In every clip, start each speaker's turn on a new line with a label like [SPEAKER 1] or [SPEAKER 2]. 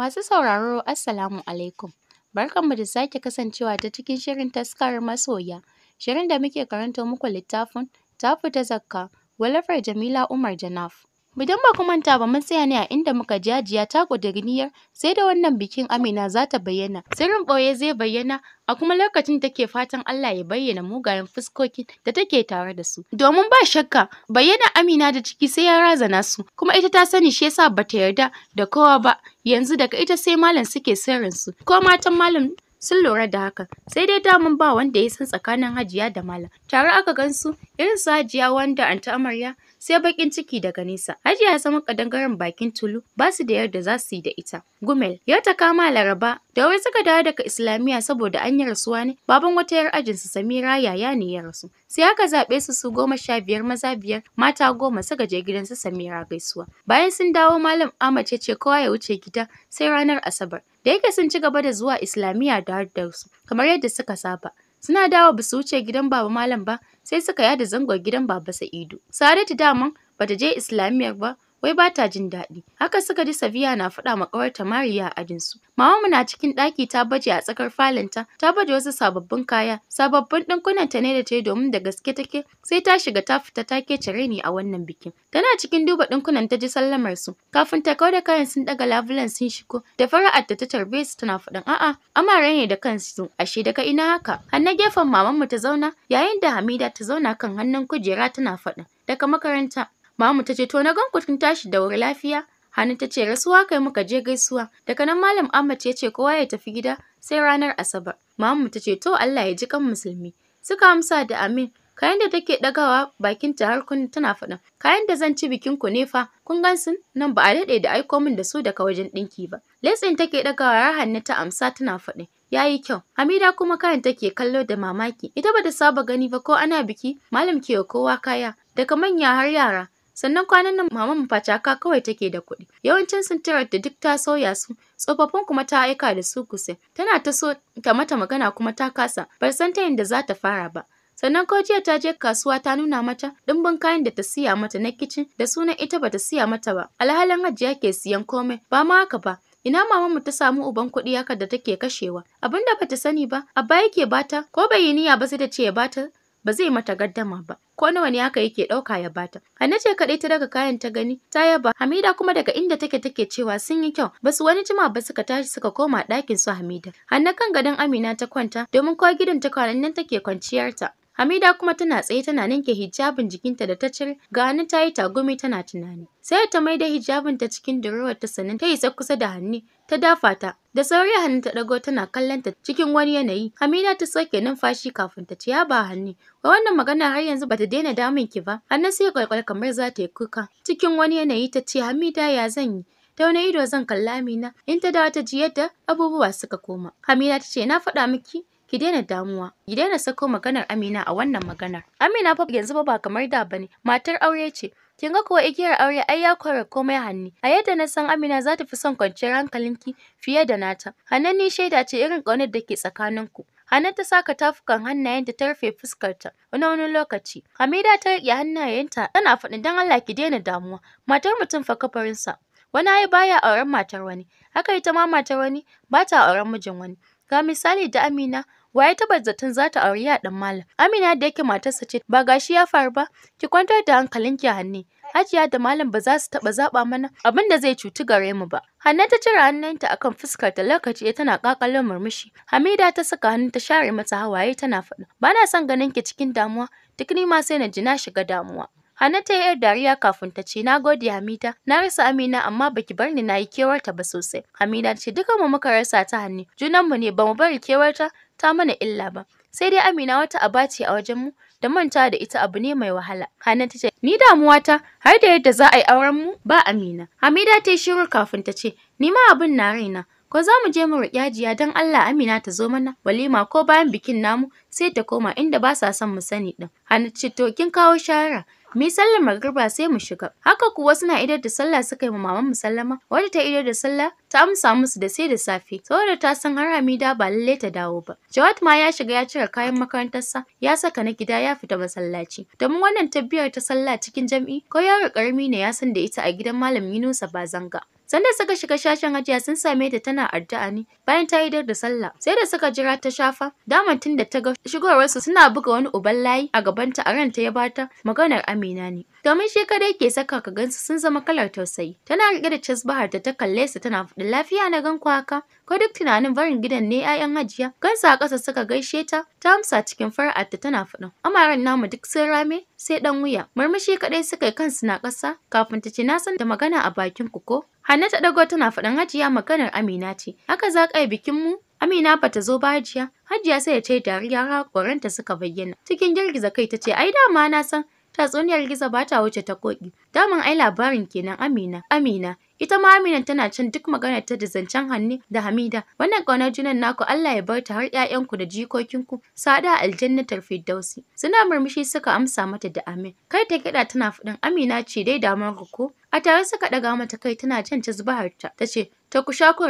[SPEAKER 1] Masu sauraro Assalamu alaikum. Barkanmu da sake kasancewa ta cikin shirin taskar masoya. Shirin da muke karanta muku littafin tafi ta zakka walafar Jamila Umar Janaf. Idan ba ku manta ba mun tsaya ne a inda muka ji Hajiya ta ƙudiri sai da wannan bikin Amina za ta bayyana. Sirrin ɓoye zai bayyana a kuma lokacin da take fatan Allah ya bayyana mugayen fuskokin da take tare da su. Domin ba shakka bayyana Amina da ciki sai ya razana su kuma ita ta sani shi yasa ta yarda da kowa ba yanzu daga ita sai malam suke sirrin su ko matan malam sun lura da haka, sai dai mun ba wanda ya san tsakanin hajiya da malam tare aka gan su irin su hajiya wanda anta amarya sai bakin ciki daga nesa. Hajiya ya zama kadangaren bakin tulu ba su da yarda za su yi da ita. Gumel yau ta kama Laraba da wai suka dawo daga Islamiyya saboda an yi rasuwa ne baban wata yar ajin su Samira yaya ne ya rasu. Sai aka zaɓe su su goma sha biyar maza biyar mata goma suka je gidansu Samira gaisuwa. Bayan sun dawo Malam Ahmad ya ce kowa ya wuce gida sai ranar Asabar. Da yake sun ci gaba da zuwa Islamiyya da su kamar yadda suka saba. Suna dawo ba su wuce gidan Baba Malam ba sai suka yada zangon gidan Baba Sa'idu. sadatu daman bata je Islamiyyar ba wai ba ta jin daɗi. Haka suka ji Safiya na faɗa ma ƙawarta Mariya a adinsu. Mamanmu na cikin ɗaki ta baje a tsakar falonta, ta baje wasu sababbin kaya, sababbin ɗinkunanta ne da ta yi domin da gaske take sai ta shiga ta fita ta ke cire ni a wannan bikin. Tana cikin duba ɗinkunan ta ji sallamar su, kafin ta kawo da kayan sun ɗaga labulen sun shigo, da fara'ar da ta tarbe su tana faɗin a'a, amare ne da kansu, ashe daga ina haka. Hanna gefen mamanmu ta zauna, yayin da Hamida ta zauna kan hannun kujera tana faɗin. Daga makaranta, Mamu ta ce to na ganku tun tashi da wuri lafiya. Hannu ta ce rasuwa kai muka je gaisuwa. Daga nan Malam Ahmad ya ce kowa ya tafi gida sai ranar Asabar. Mamu ta ce to Allah ya ji kan musulmi. Suka amsa da amin. Kayan da take ɗagawa bakinta har kun tana faɗin. Kayan da zan ci bikin ku ne fa, kun gan sun nan ba a daɗe da aiko min da su daga wajen ɗinki ba. Letsin take ɗagawa hanne ta amsa tana faɗi. ya yi kyau. Hamida kuma kayan take kallo da mamaki. Ita ba ta saba gani ba ko ana biki, malam ke kowa kaya, daga manya har yara. sannan kwanan nan maman mu facaka kawai take da kuɗi yawancin sintirar da duk ta sauya su tsofaffin kuma ta aika da su kusa tana ta so ta mata magana kuma ta kasa bar san ta yadda za ta fara ba sannan ko jiya ta je kasuwa ta nuna mata ɗumbin kayan da ta siya mata na kicin da sunan ita bata siya mata ba alhalin hajiya ke siyan komai ba ma haka ba ina maman mu ta samu uban kuɗi haka da take kashewa Abinda bata sani ba abba yake bata ko bai yi niyya ba sai da ce ya bata ba zai mata gaddama ba ko nawa ne haka yake ɗauka ya bata. Hanna ce kaɗai ta daga kayan ta gani ta yaba Hamida kuma daga inda take take cewa sun yi kyau Ba su wani jima ba suka tashi suka koma ɗakin su Hamida. Hanna kan gadon Amina ta kwanta domin ko gidan ta kwanan nan take kwanciyarta. Hamida kuma tana tsaye tana ninke hijabin jikinta da ta cire gani ta yi tagumi tana tunani. Sai ta maida hijabin ta cikin durowar ta sannan ta isa kusa da hannu ta dafa ta. Da sauri hannu ta ɗago tana kallon ta cikin wani yanayi. Hamida ta soke numfashi kafin ta ciya ya ba hannu. Ba wannan magana har yanzu bata daina damun ki ba. Hannu sai kwalkwal kamar za ta yi kuka. Cikin wani yanayi ta ce Hamida ya zan yi. ta wani ido zan kalla Amina in ta dawo ta ji yadda abubuwa suka koma. Hamida ta ce na faɗa miki ki daina damuwa ki daina sako maganar Amina a wannan maganar Amina fa yanzu ba kamar da bane matar aure ce kin ga kuwa igiyar aure ai ya kware komai hanni a yadda na san Amina za ta fi son kwanciyar hankalinki fiye da nata ni shaida ce irin ƙaunar da ke tsakaninku Hannatu ta saka tafukan hannayenta ta rufe fuskarta wani wani lokaci. Hamida ta riƙe hannayenta tana faɗi don Allah ki daina damuwa. Matar mutum fa kafarinsa. Wani ai baya auren matar wani. Haka ita ma matar wani ba ta auren mijin wani. Ga misali da Amina waye taɓa zaton za ta auri yaɗan malam amina da yake matarsa ce ba gashi ya faru ba ki kwantar da hankalinki hanne Hajiya da Malam ba za su taɓa zaɓa mana abin da zai cuci gare mu ba. Hanna ta cire hannunta akan fuskar ta lokaci ya tana ƙaƙalin murmushi. Hamida ta saka hannu ta share mata hawaye tana faɗa. Ba na son ganin ki cikin damuwa, duk ni ma sai na ji na shiga damuwa. Hanna ta yi ‘yar dariya kafin ta ce, Na gode Hamida, na rasa Amina amma baki bar ni na yi kewarta ba sosai. Hamida ta ce, Dukan mu muka rasa ta hannu, mu ne ba mu bari kewarta ta mana illa ba. Sai dai Amina wata aba ce a wajenmu da manta da ita abu ne mai wahala. Hana ta ce, Ni ta har da yadda za a yi aurenmu ba Amina. Hamida ta yi shiru kafin ta ce, Ni ma abin na raina. Ko za mu je mu riƙa Hajiya don Allah Amina ta zo mana walima ko bayan bikin namu sai ta koma inda ba sa son mu sani ɗin. Hana ce, To kin kawo shara mu yi sallar sai mu shiga. Haka kuwa suna idar da sallah suka yi maman mu sallama, wadda ta idar da sallah ta amsa musu da sai da safe, saboda ta san har Hamida ba lallai ta dawo ba. Jawad ma ya shiga ya cire kayan makarantarsa, ya saka na gida ya fita masallaci. Domin wannan tabbiyar ta sallah cikin jam'i, ko yaro ƙarami ne ya san da ita a gidan Malam Yunusa ba zanga. Sanda suka shiga shashin Hajiya sun same ta tana addu'a ne bayan ta yi dar da sallah. Sai da suka jira ta shafa, daman tun da ta ga shigowarsu suna buga wani uban layi a gabanta a ranta ya bata maganar Amina ne. Domin shi kadai ke saka ka gansu sun zama kalar tausayi. Tana riƙe da casbahar ta ta kalle su tana faɗin lafiya na gan kwaka, haka. Ko duk tunanin barin gidan ne 'ya'yan Hajiya. Gansu a ƙasa suka gaishe ta, ta amsa cikin ta tana faɗin. Amaran namu duk sun rame sai ɗan wuya. Murmushi kaɗai suka yi kansu na ƙasa kafin ta ce na san da magana a bakin ku ko. Hanna ta ɗago tana faɗin Hajiya maganar Amina ce. Haka za ka yi bikin mu? Amina ba ta zo ba Hajiya. Hajiya sai ya ce dariya hakoranta suka bayyana. Cikin girgiza kai ta ce ai dama na san tatsuniyar gizo ba ta wuce ta koki. Daman ai labarin kenan Amina. Amina Ita ma Amina tana can duk maganar ta da zancen Hanni da Hamida. Wannan ƙaunar junan naku Allah ya bar ta har ‘ya'yanku da jikokinku su haɗu aljannatar Firdausi. Suna murmushi suka amsa mata da amin. Kai ta kiɗa tana faɗin Amina ce dai damar ku ko? A tare suka ɗaga mata kai tana can ta zubaharta ta ce ta ku sha ku.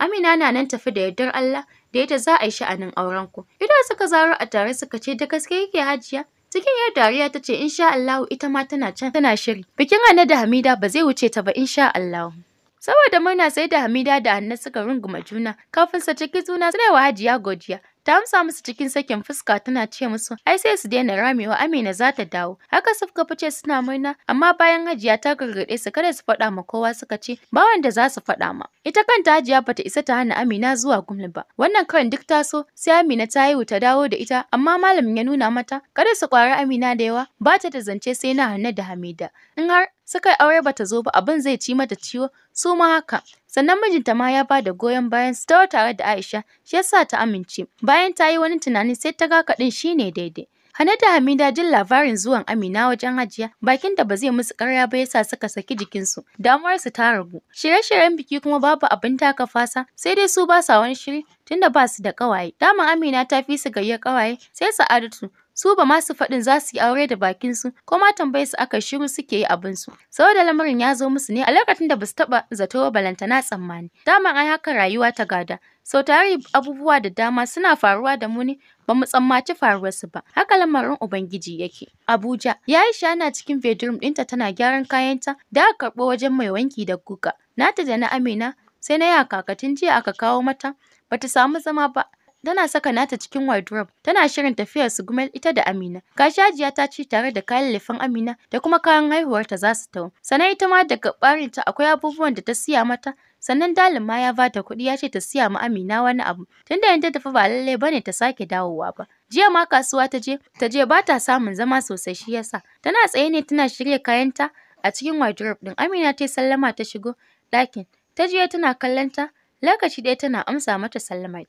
[SPEAKER 1] Amina na nan tafi da yardar Allah da ita za a yi sha'anin auren ku. Idan suka zaro a tare suka ce da gaske yake hajiya Cikin yar dariya ta ce insha Allahu ita ma tana can tana shiri. Bikin Hanna da Hamida ba zai wuce ta ba insha Allahu. Saboda murna sai da Hamida da Hanna suka runguma juna kafin sa ciki juna suna wa Hajiya godiya Ta amsa musu cikin sakin fuska tana ce musu ai sai su daina ramewa Amina za ta dawo. Haka suka fice suna murna amma bayan Hajiya ta gargaɗe su kada su faɗa ma kowa suka ce ba wanda za su faɗa ma. Ita kanta Hajiya bata isa ta hana Amina zuwa gumi ba. Wannan karin duk ta so sai Amina ta yi ta dawo da ita amma malamin ya nuna mata kada su kwari Amina da yawa ba ta zance sai na hannu da Hamida. In har suka yi aure bata zo ba abin zai ci mata ciwo su ma haka sannan mijinta ma ya bada goyon bayan su tawa tare da Aisha shi yasa ta amince bayan ta yi wani tunani sai ta ga kaɗin shine daidai Hana da Hamida jin labarin zuwan Amina wajen Hajiya, bakin da ba zai musu ƙarya ba yasa suka saki jikinsu. Damuwarsu ta ragu. Shirye-shiryen biki kuma babu abin taka fasa, sai dai su ba sa wani shiri tunda ba su da ƙawaye. Daman Amina ta fi su gayyar ƙawaye, sai Sa'adatu Su ba masu faɗin za su yi aure da bakinsu ko ma tambayar su aka shiru suke yi abin Sau da lamarin ya zo musu ne a lokacin da ba su taɓa zato ba balantana tsammani. Daman ai haka rayuwa ta gada. Sau tare, abubuwa da dama suna faruwa da mu ne ba mu tsammaci faruwarsu ba. Haka lamarin Ubangiji yake. Abuja, ya yi shana cikin bedroom ɗinta tana gyaran kayanta da aka karɓo wajen mai wanki da guga. Nata da na Amina sai na yi kakatun jiya aka kawo mata bata samu zama ba tana saka nata cikin wardrobe tana shirin tafiyar su gumel ita da Amina. Gashi Hajiya ta ci tare da kayan lefen Amina da kuma kayan haihuwarta za su tawo. Sannan ita ma daga barinta akwai abubuwan da ta siya mata sannan dalin ma ya ba bata kuɗi ya ce ta siya ma Amina wani abu tunda yanda ta tafi ba lallai bane ta sake dawowa ba. Jiya ma kasuwa ta je ta je ba ta samun zama sosai shi yasa tana tsaye ne tana shirya kayanta a cikin wardrobe ɗin Amina ta sallama ta shigo ɗakin ta jiya tana kallon ta Lokaci ɗaya tana amsa mata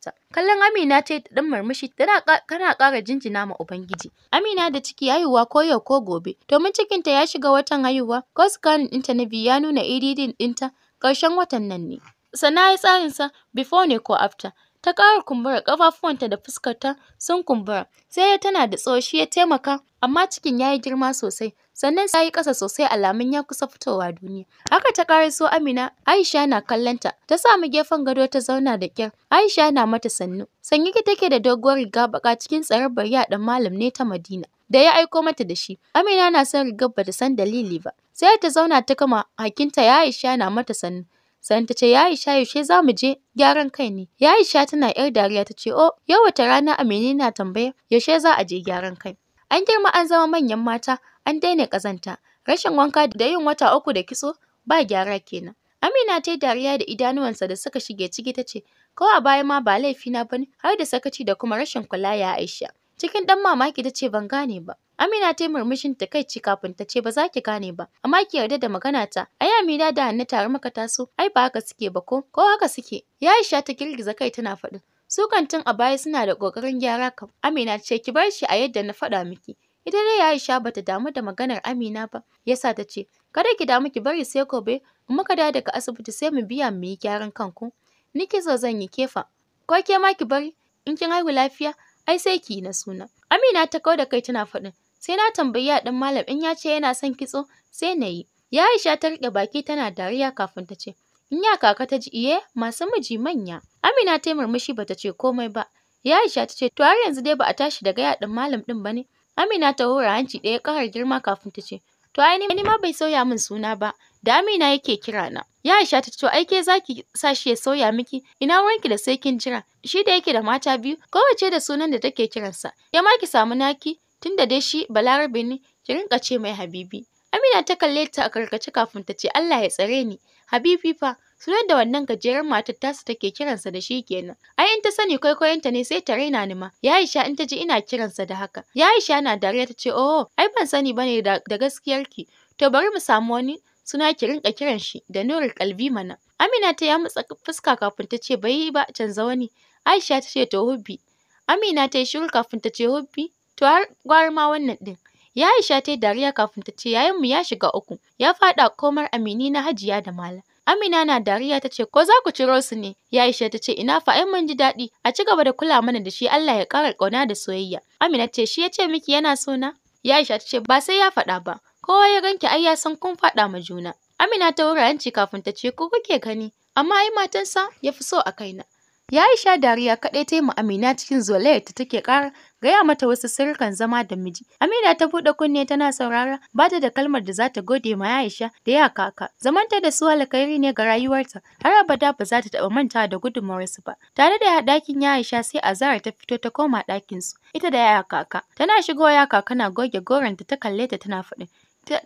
[SPEAKER 1] ta. Kallon Amina ta yi da ɗan murmushi tana kana ƙara jinjina ma Ubangiji. Amina da ciki haihuwa ko yau ko gobe domin cikinta ya shiga watan haihuwa ko scanning ɗinta na biyu ya nuna ADD e ɗinta ƙarshen watan nan ne. Sana ya tsarinsa before ne ko after. ta ƙara kumbura ƙafafuwanta da fuskarta sun kumbura sai tana da tsawo shi ya taimaka amma cikin ya yi girma sosai sannan sai yi ƙasa sosai alamun ya kusa fitowa duniya. Haka ta ƙaraso Amina, Aisha na kallonta, ta samu gefen gado ta zauna da kyar. Aisha na mata sannu. Sanye take da doguwar riga baka cikin bariya yaɗan malam ne ta Madina. da ya aiko mata da shi. Amina na son rigar ba ta san dalili ba. Sai ta zauna ta kama hakinta ya Aisha na mata sannu. Sannan ta ce yayi Aisha yaushe za mu je gyaran kai ne. Ya sha tana yar dariya ta ce oh yau wata rana Amina na tambaya yaushe za a je gyaran kai. An girma an zama manyan mata, an daina ƙazanta. Rashin wanka da yin wata uku da kitso ba gyara kenan. Amina ta yi dariya da idanuwansa da suka shige ciki ta ce, ko a baya ma ba laifina ba ne har da sakaci da kuma rashin kula ya Aisha. Cikin ɗan mamaki ta ce ban gane ba. Amina ta yi murmushin ci kafin ta ce ba za ki gane ba, amma ki yarda da magana ta. Ai Amina da Hanna tare maka taso, ai ba haka suke ba ko, ko haka suke. Ya Aisha ta girgiza kai tana faɗin. Su kantin a baya suna da ƙoƙarin gyara Amina ta ce ki bar shi a yadda na faɗa miki. Ita dai Aisha bata damu da maganar Amina ba, yasa ta ce, "Kada ki damu ki bari sai gobe, in muka dawo daga asibiti sai mu biya mu yi gyaran kanku." Ni kitso zan yi kefa. Ko ke ma ki bari, in kin haihu lafiya, ai sai ki yi na suna. Amina ta kau da kai tana faɗin, sai na tambayi ɗan malam in ya ce yana son kitso, sai na yi. Ya Aisha ta rike baki tana dariya kafin ta ce, in ya kaka ta ji iye masu miji manya. Amina ta yi murmushi ba ta ce komai ba. Ya Aisha ta ce to har yanzu dai ba a tashi daga yaɗin malam ɗin ba ne. Amina ta hura hanci ɗaya ƙarar girma kafin ta ce to ai ni ma bai sauya min suna ba da Amina yake kira na. Ya Aisha ta ce to ai ke zaki sa shi ya sauya miki ina wurinki da sai kin jira shi da yake da mata biyu kowace da sunan da take kiransa ya ma ki samu naki tunda dai shi balarabe ne ki rinƙa ce mai habibi. Amina ta kalle ta a karkace kafin ta ce Allah ya tsare ni Habibi fa sunan da wannan gajeren matar tasu take kiransa da shi kenan. Ai in ta sani kwaikwayonta ne sai ta raina ni ma. Ya'isha in ta ji ina kiransa da haka. Ya'isha na dariya ta ce oh ai ban sani bane da, da gaskiyarki. To bari mu samu wani suna ki rinka kiran shi da Nurul Kalbi mana. Amina ta ya mutsa fuska kafin ta ce bai ba canza wani. Aisha ta ce to hubbi. Amina ta yi shiru kafin ta ce hubbi. To har gwarma wannan din. Ya Aisha ta yi dariya kafin ta ce mu ya shiga uku, ya faɗa komar amini na Hajiya da mala Amina na dariya ta ce, Ko za ku ciro su ne? Yaisha ta ce, Ina fa ai mun ji daɗi, a ci gaba da kula mana da shi Allah ya ƙara ƙauna da soyayya. Amina ce, Shi ya ce miki yana so na? Yaisha ta ce, Ba sai ya faɗa ba, kowa ya ganki ai ya san kun faɗa ma juna. Amina ta wura kafin ta ce, Ko kuke gani? Amma ai matansa ya fi so a kaina. Ya yi sha dariya kaɗai ta yi ma Amina cikin zolayar ta take ƙara gaya mata wasu sirrikan zama da miji. Amina ta buɗe kunne tana saurara ba ta da kalmar da za ta gode ma Aisha da ya kaka. Zamanta da su alkhairi ne ga rayuwarta har abada ba za ta taɓa mantawa da gudunmawarsu ba. Tare da ɗakin ya Aisha sai Azara ta fito ta koma ɗakin su ita da ya kaka. Tana shigowa ya kaka na goge goranta ta kalle ta tana faɗin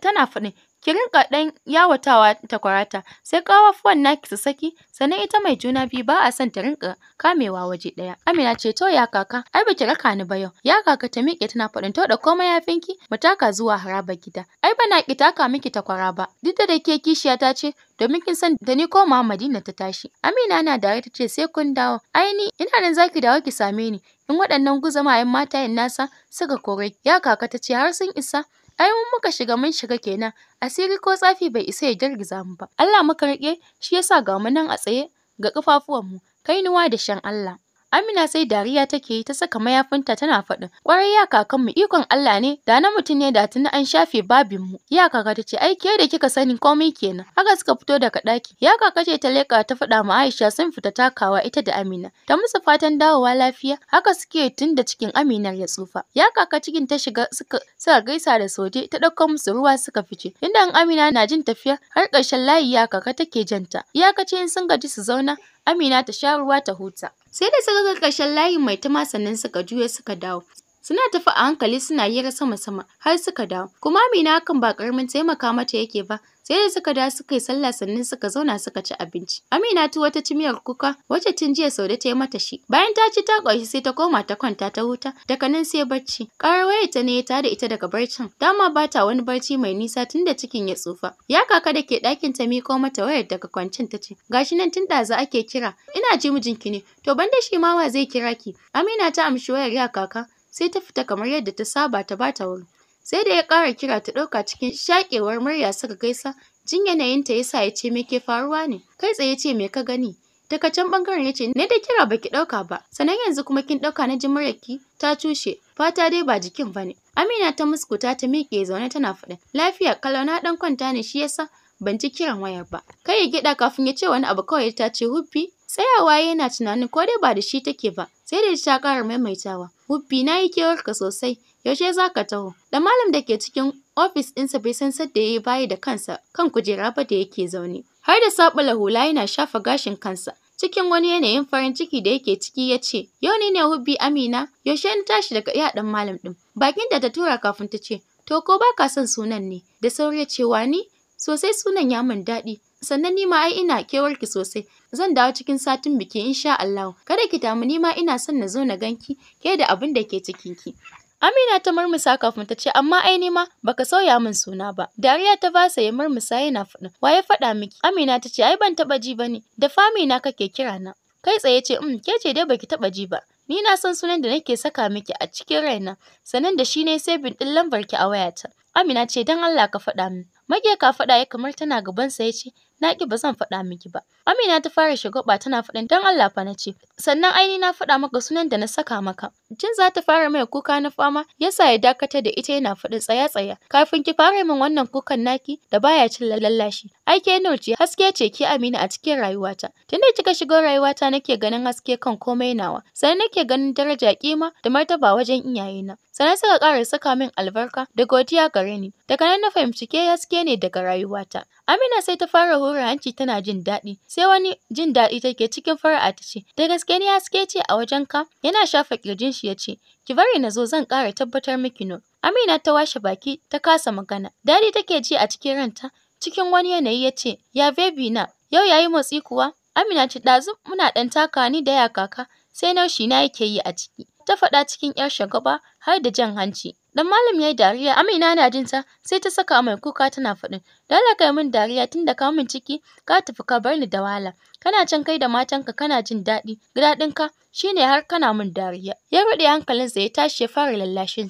[SPEAKER 1] tana faɗin ki rinƙa ɗan yawatawa takwarata sai ƙafafuwan naki su saki sannan ita mai juna biyu ba a son ta rinka kamewa waje ɗaya. Amina ce to ya kaka ai baki raka ni ba yau. Ya kaka ta miƙe tana faɗin to da komai finki mu taka zuwa haraba gida. Ai bana ki taka miki takwara ba duk da ke kishiya ta ce domin kin san da ni ko ma Madina ta tashi. Amina na da ta ce sai kun dawo. Ai ni ina nan zaki dawo ki same ni. In waɗannan guzamayen matayen nasa suka kore ya kaka ta ce har sun isa Ai mun muka shiga mun shiga kenan, asiri ko tsafi bai isa ya girgiza mu ba. Allah muka rike shi yasa sa ga mu nan a tsaye ga ƙafafuwanmu, kainuwa da shan Allah. Amina sai dariya take yi ta saka mayafinta tana faɗin Kwarai, ya kakanmu ikon Allah ne da na mutum ne da tuni an shafe babinmu. Ya kaka ta ce ai ke da kika sani komai kenan. Haka suka fito daga ɗaki. Ya kaka ce ta leƙa ta faɗa ma Aisha sun fita takawa ita da Amina. Ta musu fatan dawowa lafiya haka suke tun da cikin Amina ya tsufa. Ya kaka cikin ta shiga suka suka gaisa da soje ta ɗauko musu ruwa suka fice. Inda Amina na jin tafiya har ƙarshen layi ya kaka take janta. kace in sun gaji su zauna Amina ta sha ruwa ta huta. Sai da suka ga ƙarshen layin mai sannan suka juyo suka dawo. Suna tafi a hankali suna hira sama-sama har suka dawo. Kuma Amina hakan ba ƙaramin taimaka mata yake ba, sai da suka dawo suka yi sallah sannan suka zauna suka ci abinci. Amina tuwo ta ci miyar kuka wacce tun jiya Saude ta yi mata shi. Bayan ta ci ta ƙoshi sai ta koma ta kwanta ta huta, daga nan sai barci. Ƙarar wayar ta ne ya da ita daga barcin. Dama ba ta wani barci mai nisa tun da cikin ya tsufa. Ya kaka da ke ɗakin ta miƙo mata wayar daga kwancin ta ce, gashi nan tun ɗaza ake kira, ina ji mijinki ne, to ban da shi ma wa zai kira ki. Amina ta amshi wayar ya kaka. sai ta fita kamar yadda ta saba ta ba ta wuri. Sai da ya ƙara kira ta ɗauka cikin shaƙewar murya suka gaisa, jin yanayinta yasa ya ce me ke faruwa ne? Kai tsaye ce me ka gani? Daga can ɓangaren ya ce ni da kira baki ɗauka ba, sannan yanzu kuma kin ɗauka na jin muryarki ta cushe, fata dai ba jikin ba ne. Amina ta muskuta ta miƙe zaune tana faɗin lafiya kalau na ɗan kwanta ne shi yasa ban ji kiran wayar ba. Kai ya gyaɗa kafin ya ce wani abu kawai ta ce huffi tsayawa yana tunanin ko dai ba da shi take ba sai da ta ƙara maimaitawa. Wuffi na yi kewarka sosai, yaushe za ka taho? Da malam da ke cikin ofis ɗinsa bai san sadda ya yi baya da kansa kan kujera ba da yake zaune. Har da saɓula hula yana shafa gashin kansa. Cikin wani yanayin farin ciki da yake ciki ya ce, Yau ni ne Hubbi Amina, yaushe ni tashi daga yaɗan malam ɗin. Bakin da ta tura kafin ta ce, To ko ba ka son sunan ne? Da sauri ya ce, Wani? Sosai sunan ya min daɗi, sannan ni ma ai ina kewarki sosai. Zan dawo cikin satin biki insha Allahu. Kada ki damu ni ma ina son na zo na ganki ke da abin da ke ki. Amina ta murmusa kafin ta ce amma ai ni ma baka sauya min suna ba. Dariya ta fasa ya murmusa yana faɗin. Wa ya faɗa miki? Amina ta ce ai ban taɓa ji bane. Da fami na kake kira na. Kai tsaye ce um ke ce dai baki taɓa ji ba. Ni na san sunan da nake saka miki a cikin raina. Sanan da shi ne sai ɗin lambar ki a wayata. Amina ce dan Allah ka faɗa min. Mage ka faɗa ya kamar tana gabansa ya ce na ki ba zan faɗa miki ba Amina ta fara shagwaɓa tana faɗin dan Allah fa na ce sannan aini na faɗa maka sunan da na saka maka Jin za ta fara mai kuka na fama yasa ya dakatar da ita yana faɗi tsaya tsaya. Kafin ki fara min wannan kukan naki da baya cin lallashi. Ai ke ce haske ce ki Amina a cikin rayuwata. Tunda kika shigo rayuwata nake ganin haske kan komai nawa. Sannan nake ganin daraja kima da martaba wajen iyayena. Sannan suka ƙara saka min albarka da godiya gare ni. Daga nan na fahimci ke haske ne daga rayuwata. Amina sai ta fara hura hanci tana jin daɗi. Sai wani jin daɗi take cikin fara'a ta ce, da gaske ni haske ce a wajen ka? Yana shafa ƙirjin shi ya ce, ki bari na zo zan ƙara tabbatar miki no. Amina ta washe baki ta kasa magana. Dadi take ji a cikin ranta, cikin wani yanayi ya ce, ya baby na, yau yayi motsi kuwa? Amina ce ɗazu muna ɗan taka ni da ya kaka, sai naushi na yake yi a ciki. ta faɗa cikin ‘yar shagaba har da jan hanci. Dan malam ya yi dariya, Amina na jin ta sai ta saka mai kuka tana faɗin, dole kai min dariya tun da ka min ciki ka tafi ka bar ni da wahala. Kana can kai da matanka kana jin daɗi, daɗinka ka shine har kana min dariya. Ya ruɗe hankalinsa ya tashi ya fara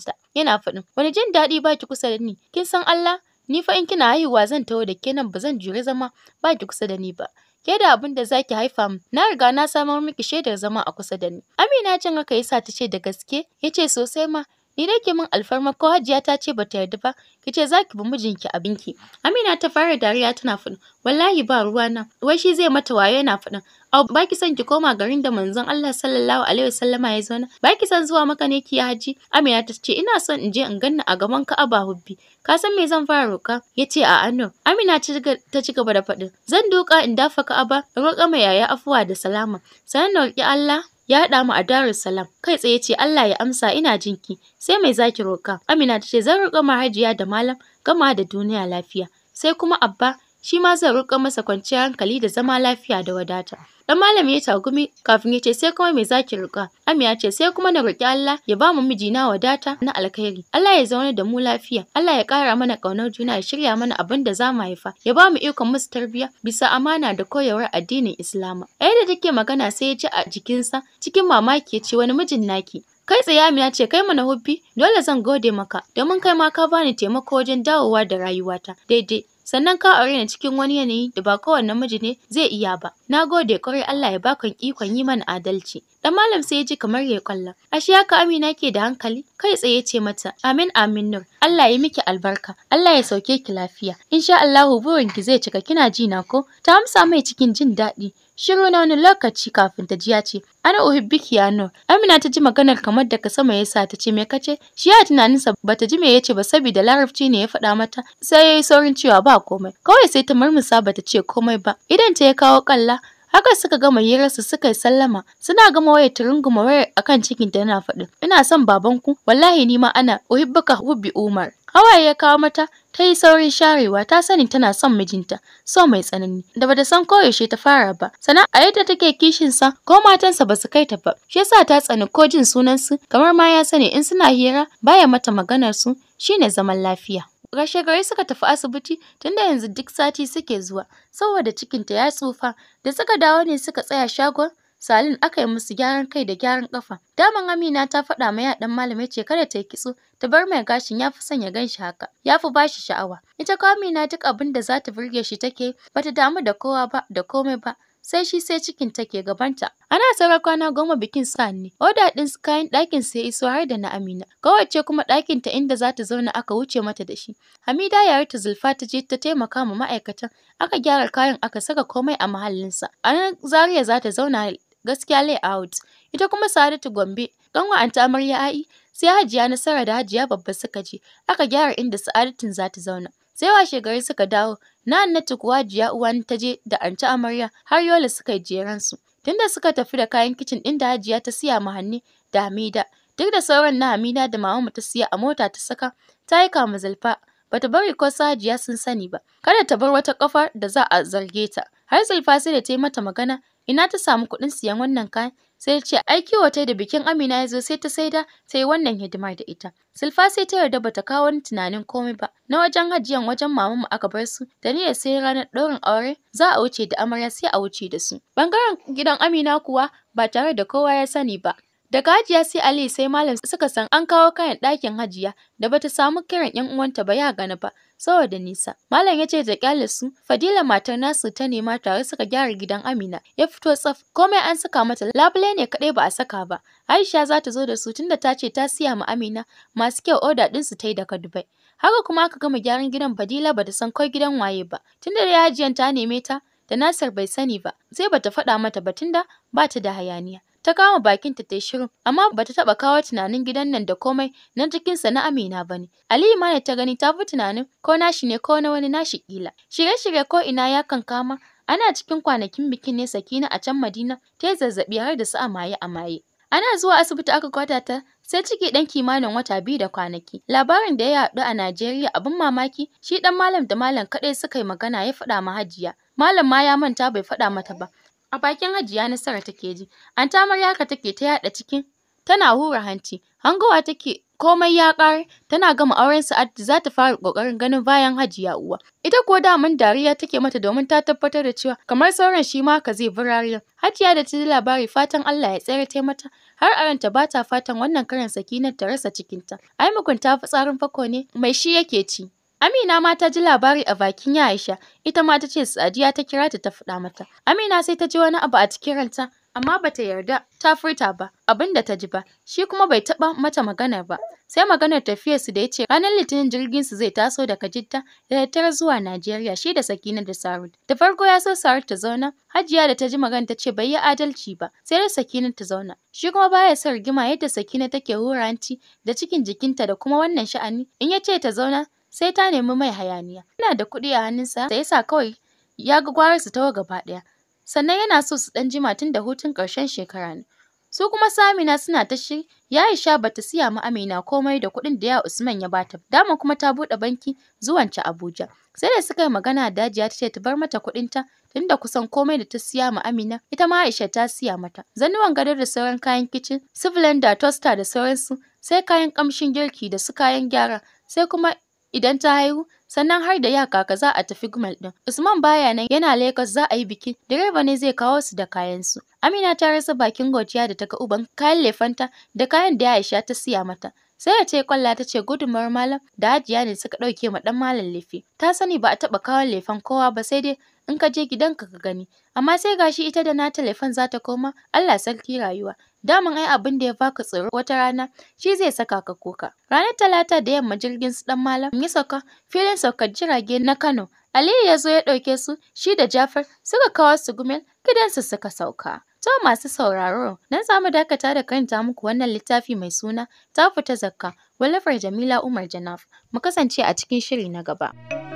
[SPEAKER 1] sa yana faɗin, wani jin daɗi ba ki kusa da ni, kin san Allah? Ni fa in kina haihuwa zan taho da ke nan ba zan jure zama ba ki kusa da ni ba. ke da abin da zaki haifa min na riga na samar miki shaidar zama a kusa da ni Amina jin haka yasa ta ce da gaske yace sosai ma Ni dai ke min alfarma ko Hajiya ta ce bata yarda ba, ki ce za bi mijinki abinki. Amina ta fara dariya tana faɗin, wallahi ba ruwa na, wai shi zai mata wayo yana faɗin, au ba ki son ki koma garin da manzon Allah sallallahu alaihi wasallama ya zauna, ba ki son zuwa maka ne ki ya haji. Amina ta ce ina son in je in ganna a gaban Ka'aba hubbi. Ka san me zan fara roka? Ya ce a anno Amina ta ci gaba da faɗin, zan doka in dafa Ka'aba, roƙa mai yaya afuwa da salama, sannan na Allah ya haɗa mu a Darussalam. Kai tsaye ce Allah ya amsa ina jinki. Sai mai zaki roka? Amina ta ce zan roƙa mahajiya da Malam gama da duniya lafiya. Sai kuma Abba shi ma zai rika masa kwanciyar hankali da zama lafiya da wadata. Dan malam ya tagumi kafin ya ce sai kuma me zaki Ami ya ce sai kuma na roƙi Allah ya ba mu mijina wadata na alkhairi. Allah ya zauna da mu lafiya. Allah ya ƙara mana ƙaunar juna ya shirya mana abin da za mu haifa. Ya ba mu ikon musu tarbiyya bisa amana da koyarwar addinin Islama. A da take magana sai ya ji a jikinsa cikin mamaki ya ce wani mijin naki. Kai tsaye Amina ce kai mana hubbi dole zan gode maka domin kai ma ka bani taimako wajen dawowa da rayuwata daidai sannan ka aure ni cikin wani yanayi da ba kowane namiji ne zai iya ba. Na gode ƙwarai Allah ya baka ikon yi mana adalci. Dan malam sai ya ji kamar ya kwalla. Ashe haka Amina ke da hankali? Kai tsaye ce mata, Amin Amin Nur. Allah ya miki albarka. Allah ya sauke ki lafiya. Insha Allahu ki zai cika kina ji na ko? Ta amsa mai cikin jin daɗi. shiru na wani lokaci kafin ta ji ya ce ana uhibbiki ya amina ta ji maganar kamar daga sama ya sa ta ce me kace shi ya tunaninsa ta ji me ya ce ba saboda larabci ne ya faɗa mata sai ya yi saurin cewa ba komai kawai sai ta murmusa ta ce komai ba idan ta ya kawo kalla Haka suka gama hirarsu suka yi sallama, suna gama wayar turunguma wayar kan cikin ta yana faɗi. ina son babanku, wallahi ni ma ana uhibbuka hubbi Umar. Hawaye ya kawo mata ta yi saurin sharewa ta sani tana son mijinta so mai tsanani da bata san koyaushe ta fara ba sannan a yadda take kishin sa, ko matansa basu kai ta ba shi yasa ta tsani ko jin sunansu kamar ma ya sani in suna hira baya mata maganar su shine zaman lafiya gashe gari suka tafi asibiti tunda yanzu duk sati suke zuwa saboda cikinta ya tsufa da suka dawo ne suka tsaya shagon salin aka yi musu gyaran kai da gyaran kafa daman amina ta faɗa ma yaɗan malamai ce kada ta yi kitso Ta bar mai gashin ya fi son ya gan shi haka, ya fi ba shi sha'awa. Ita kwamina duk abin da za ta burge shi take, ba ta damu da kowa ba, da komai ba. sai shi sai cikin take gabanta. Ana saurar kwana goma bikin sani. Oda ɗin su kayan ɗakin sai iso har da na Amina. Kowace kuma ɗakin ta inda za ta zauna aka wuce mata da shi. Hamida yayar ta Zulfa ta je ta taimaka ma ma'aikatan. Aka gyara kayan aka saka komai a mahallinsa. A nan Zaria za ta zauna gaskiya layout. Ita kuma sadatu Gombe. Ƙanwa Anta Amarya Ai Sai Hajiya Nasara da Hajiya Babba suka je, aka gyara inda Sa'adatin za ta zauna. Sai shekaru suka dawo, na Hannatu kuwa Hajiya uwan ta je da anci Amarya har Yola suka yi jeransu. Tunda suka tafi da kayan kicin ɗin da Hajiya ta siya ma Hanni da Hamida, duk da sauran na Hamida da Mamanmu ta siya a mota ta saka, ta yi kama zulfa. Bata bari ko Hajiya sun sani ba, kada ta bar wata ƙafa da za a zarge ta. Har zulfa sai da ta yi mata magana ina ta samu kuɗin siyan wannan kayan sai ce ai kiwo ta da bikin Amina ya zo sai ta saida ta yi wannan hidima da ita. Sulfa sai ta yarda bata kawo wani tunanin komai ba. Na wajen hajiyan wajen mamanmu aka bar su da niyyar sai ranar ɗaurin aure za a wuce da amarya sai a wuce da su. Bangaren gidan Amina kuwa ba tare da kowa ya sani ba. Daga Hajiya sai Ali sai Malam suka san an kawo kayan ɗakin Hajiya da bata samu kiran ‘yan uwanta ba ya gani ba. saboda nisa. Malam ya ce da kyale Fadila matar nasu ta nema tare suka gyara gidan Amina. Ya fito tsaf, komai an saka mata labule ne kaɗai ba a saka ba. Aisha za ta zo da su tunda ta ce ta siya ma Amina masu kyau oda ɗinsu ta yi daga Dubai. Haka kuma aka gama gyaran gidan Fadila ba ta san kai gidan waye ba. Tunda da yajiyan ta neme ta, da Nasir bai sani ba, sai bata faɗa mata ba tunda ba ta da hayaniya. ta kama bakinta ta yi shiru amma ba ta taɓa kawo tunanin gidan nan da komai na jikinsa na Amina ba ne. Aliyu ma ta gani ta fi tunanin ko nashi ne ko na wani nashi ƙila. Shirye-shirye ko ina ya kama ana cikin kwanakin bikin ne Sakina a can Madina ta yi zazzaɓi har da su a maye a maye. Ana zuwa asibiti aka kwata ta sai ciki ɗan kimanin wata biyu da kwanaki. Labarin da ya yaɗu a Najeriya abin mamaki shi ɗan malam da malam kaɗai suka yi magana ya faɗa ma Hajiya. Malam ma ya manta bai faɗa mata ba. A bakin Hajiya Nasara take ji, an ta maryaka take ta yada cikin tana hura hanci, hangowa take komai ya kare. tana gama auren Sa'ad za ta fara kokarin ganin bayan Hajiya Uwa. Ita ko daman dariya take mata domin ta tabbatar da cewa kamar sauran shi ma ka zai bi Hajiya da ta ji labari fatan Allah ya tsere ta mata har a ranta ba ta fatan wannan karin sakinar ta rasa cikinta. Ai mugunta fitsarin fako ne mai shi yake ci. Amina ma ta ji labari a bakin ya Aisha, ita ma ta ce Sadiya ta kira ta ta faɗa mata. Amina sai ta ji wani abu a cikin ranta, amma ba ta yarda ta furta ba abin da ta ji ba, shi kuma bai taɓa mata magana ba. Sai maganar tafiyarsu da ya ce ranar Litinin jirgin su zai taso daga Jidda da daddare zuwa Najeriya shi da Sakina da Sarut. Da farko ya so Sarut ta zauna, Hajiya da ta ji magana ta ce bai yi adalci ba, sai da Sakina ta zauna. Shi kuma baya son rigima yadda Sakina take hura da cikin jikinta da kuma wannan sha'ani, in ya ce ta zauna sai ta nemi mai hayaniya. Yana da kuɗi a hannunsa da yasa kawai ya ga gwara su wa gaba ɗaya. Sannan yana so su ɗan jima tun da hutun ƙarshen shekara ne. Su kuma Samina suna ta shi, Yaisha ba ta siya ma Amina komai da kuɗin da ya Usman ya bata. Dama kuma ta buɗe banki zuwan ci Abuja. Sai da suka yi magana da Hajiya ta ce ta bar mata kuɗinta tunda kusan komai da ta siya ma Amina, ita ma Aisha ta siya mata. Zannuwan gadar da sauran kayan kicin, su blender, toaster da sauransu, sai kayan kamshin girki da su kayan gyara, sai kuma idan ta haihu sannan har da ya kaka za a tafi Gumal din Usman baya nan yana Lagos za a yi biki, direba ne zai kawo su da kayansu. Amina ta rasa bakin godiya da ta ga uban kayan lefanta da kayan da Aisha ta siya mata. Sai ta yi kwalla ta ce gudunmawar malam da hajiya ne suka ɗauke ma ɗan malam lefe. Ta sani ba a taɓa kawo lefan kowa ba sai dai in ka je gidan ka gani amma sai gashi ita da na telefon za ta koma Allah sarki rayuwa daman ai abin da ya baka tsoro wata rana shi zai saka ka kuka ranar talata da yamma jirgin su dan malam ya sauka filin saukar jirage na Kano Aliyu ya zo ya ɗauke su shi da Jafar suka kawo su gumel gidansu suka sauka To masu sauraro, nan samu dakata da karanta muku wannan littafi mai suna ta zakka, wallafar Jamila Umar Janaf. Mu kasance a cikin shiri na gaba.